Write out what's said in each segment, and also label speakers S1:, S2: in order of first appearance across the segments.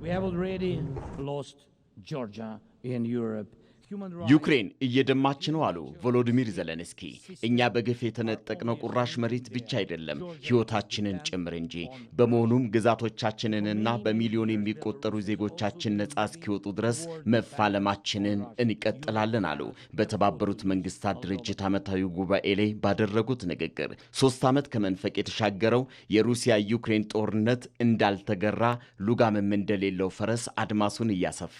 S1: We have already lost Georgia in Europe
S2: ዩክሬን እየደማች ነው አሉ ቮሎዲሚር ዘለንስኪ። እኛ በግፍ የተነጠቅነው ቁራሽ መሬት ብቻ አይደለም ሕይወታችንን ጭምር እንጂ። በመሆኑም ግዛቶቻችንንና በሚሊዮን የሚቆጠሩ ዜጎቻችን ነጻ እስኪወጡ ድረስ መፋለማችንን እንቀጥላለን አሉ በተባበሩት መንግስታት ድርጅት ዓመታዊ ጉባኤ ላይ ባደረጉት ንግግር። ሶስት ዓመት ከመንፈቅ የተሻገረው የሩሲያ ዩክሬን ጦርነት እንዳልተገራ ሉጋምም እንደሌለው ፈረስ አድማሱን እያሰፋ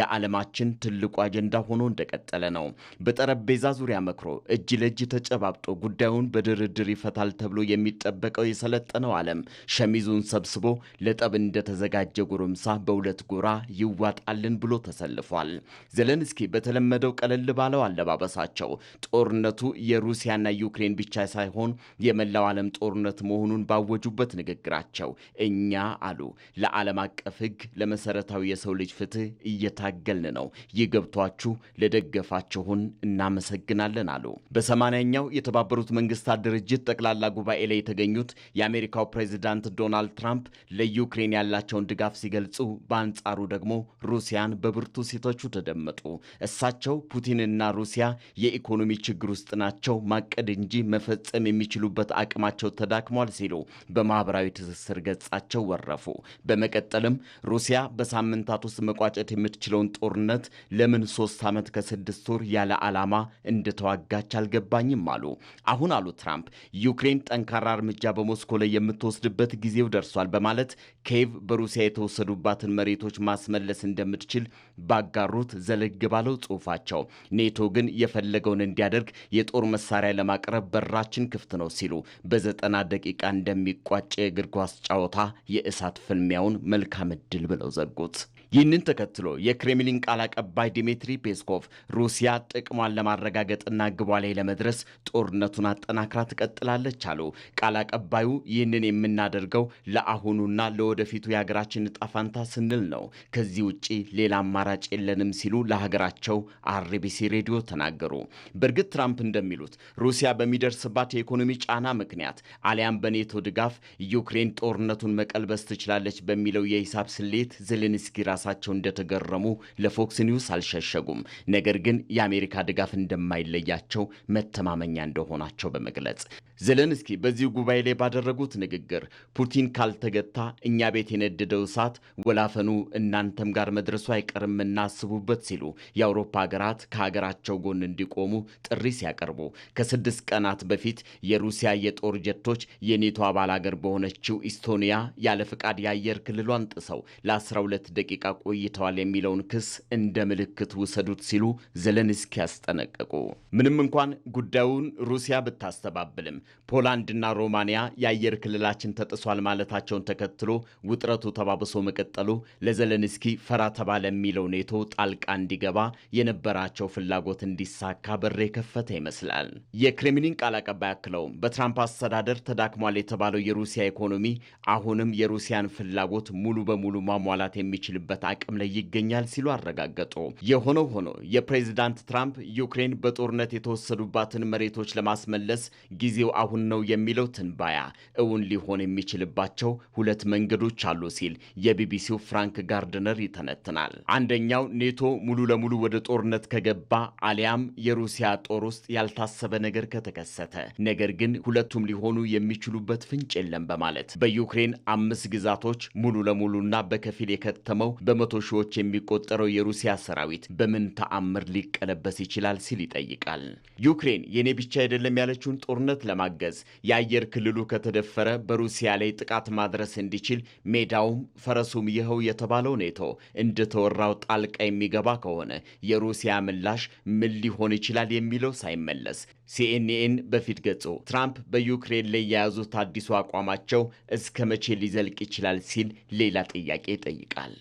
S2: የዓለማችን ትልቁ አጀንዳ ሆኖ እንደቀጠለ ነው። በጠረጴዛ ዙሪያ መክሮ እጅ ለእጅ ተጨባብጦ ጉዳዩን በድርድር ይፈታል ተብሎ የሚጠበቀው የሰለጠነው ዓለም ሸሚዙን ሰብስቦ ለጠብ እንደተዘጋጀ ጎረምሳ በሁለት ጎራ ይዋጣልን ብሎ ተሰልፏል። ዘለንስኪ በተለመደው ቀለል ባለው አለባበሳቸው ጦርነቱ የሩሲያና ዩክሬን ብቻ ሳይሆን የመላው ዓለም ጦርነት መሆኑን ባወጁበት ንግግራቸው እኛ አሉ ለዓለም አቀፍ ሕግ ለመሰረታዊ የሰው ልጅ ፍትህ እየታገልን ነው። ይህ ገብቷችሁ ለደገፋችሁን እናመሰግናለን አሉ። በሰማንያኛው የተባበሩት መንግስታት ድርጅት ጠቅላላ ጉባኤ ላይ የተገኙት የአሜሪካው ፕሬዚዳንት ዶናልድ ትራምፕ ለዩክሬን ያላቸውን ድጋፍ ሲገልጹ፣ በአንጻሩ ደግሞ ሩሲያን በብርቱ ሲተቹ ተደመጡ። እሳቸው ፑቲንና ሩሲያ የኢኮኖሚ ችግር ውስጥ ናቸው፣ ማቀድ እንጂ መፈጸም የሚችሉበት አቅማቸው ተዳክሟል ሲሉ በማህበራዊ ትስስር ገጻቸው ወረፉ። በመቀጠልም ሩሲያ በሳምንታት ውስጥ መቋጨት የምትችለውን ጦርነት ለምን ሶስት ዓመት ከስድስት ወር ያለ ዓላማ እንደተዋጋች አልገባኝም አሉ። አሁን አሉ ትራምፕ ዩክሬን ጠንካራ እርምጃ በሞስኮ ላይ የምትወስድበት ጊዜው ደርሷል በማለት ኬቭ በሩሲያ የተወሰዱባትን መሬቶች ማስመለስ እንደምትችል ባጋሩት ዘለግ ባለው ጽሑፋቸው ኔቶ ግን የፈለገውን እንዲያደርግ የጦር መሳሪያ ለማቅረብ በራችን ክፍት ነው ሲሉ በዘጠና ደቂቃ እንደሚቋጭ የእግር ኳስ ጨዋታ የእሳት ፍልሚያውን መልካም እድል ብለው ዘጉት። ይህንን ተከትሎ የክሬምሊን ቃል አቀባይ ዲሚትሪ ፔስኮቭ ሩሲያ ጥቅሟን ለማረጋገጥና ግቧ ላይ ለመድረስ ጦርነቱን አጠናክራ ትቀጥላለች አሉ። ቃል አቀባዩ ይህንን የምናደርገው ለአሁኑና ለወደፊቱ የሀገራችን ዕጣ ፈንታ ስንል ነው፣ ከዚህ ውጭ ሌላ አማራጭ የለንም ሲሉ ለሀገራቸው አርቢሲ ሬዲዮ ተናገሩ። በእርግጥ ትራምፕ እንደሚሉት ሩሲያ በሚደርስባት የኢኮኖሚ ጫና ምክንያት አሊያም በኔቶ ድጋፍ ዩክሬን ጦርነቱን መቀልበስ ትችላለች በሚለው የሂሳብ ስሌት ዜሌንስኪ ራ ራሳቸው እንደተገረሙ ለፎክስ ኒውስ አልሸሸጉም። ነገር ግን የአሜሪካ ድጋፍ እንደማይለያቸው መተማመኛ እንደሆናቸው በመግለጽ ዘለንስኪ በዚህ ጉባኤ ላይ ባደረጉት ንግግር ፑቲን ካልተገታ እኛ ቤት የነደደው እሳት ወላፈኑ እናንተም ጋር መድረሱ አይቀርም እናስቡበት ሲሉ የአውሮፓ ሀገራት ከሀገራቸው ጎን እንዲቆሙ ጥሪ ሲያቀርቡ ከስድስት ቀናት በፊት የሩሲያ የጦር ጀቶች የኔቶ አባል አገር በሆነችው ኢስቶኒያ ያለ ፍቃድ የአየር ክልሏን ጥሰው ለ12 ደቂቃ ቆይተዋል የሚለውን ክስ እንደ ምልክት ውሰዱት ሲሉ ዘለንስኪ ያስጠነቀቁ። ምንም እንኳን ጉዳዩን ሩሲያ ብታስተባብልም ፖላንድና ሮማንያ የአየር ክልላችን ተጥሷል ማለታቸውን ተከትሎ ውጥረቱ ተባብሶ መቀጠሉ ለዘለንስኪ ፈራ ተባለ የሚለው ኔቶ ጣልቃ እንዲገባ የነበራቸው ፍላጎት እንዲሳካ በር የከፈተ ይመስላል። የክሬምሊን ቃል አቀባይ አክለውም በትራምፕ አስተዳደር ተዳክሟል የተባለው የሩሲያ ኢኮኖሚ አሁንም የሩሲያን ፍላጎት ሙሉ በሙሉ ማሟላት የሚችልበት የማምረት አቅም ላይ ይገኛል ሲሉ አረጋገጡ። የሆነው ሆኖ የፕሬዚዳንት ትራምፕ ዩክሬን በጦርነት የተወሰዱባትን መሬቶች ለማስመለስ ጊዜው አሁን ነው የሚለው ትንባያ እውን ሊሆን የሚችልባቸው ሁለት መንገዶች አሉ ሲል የቢቢሲው ፍራንክ ጋርድነር ይተነትናል። አንደኛው ኔቶ ሙሉ ለሙሉ ወደ ጦርነት ከገባ አሊያም የሩሲያ ጦር ውስጥ ያልታሰበ ነገር ከተከሰተ፣ ነገር ግን ሁለቱም ሊሆኑ የሚችሉበት ፍንጭ የለም በማለት በዩክሬን አምስት ግዛቶች ሙሉ ለሙሉና በከፊል የከተመው በመቶ ሺዎች የሚቆጠረው የሩሲያ ሰራዊት በምን ተአምር ሊቀለበስ ይችላል ሲል ይጠይቃል። ዩክሬን የኔ ብቻ አይደለም ያለችውን ጦርነት ለማገዝ የአየር ክልሉ ከተደፈረ በሩሲያ ላይ ጥቃት ማድረስ እንዲችል ሜዳውም ፈረሱም ይኸው የተባለው ኔቶ እንደተወራው ጣልቃ የሚገባ ከሆነ የሩሲያ ምላሽ ምን ሊሆን ይችላል የሚለው ሳይመለስ ሲኤንኤን በፊት ገጹ ትራምፕ በዩክሬን ላይ የያዙት አዲሱ አቋማቸው እስከ መቼ ሊዘልቅ ይችላል ሲል ሌላ ጥያቄ ይጠይቃል።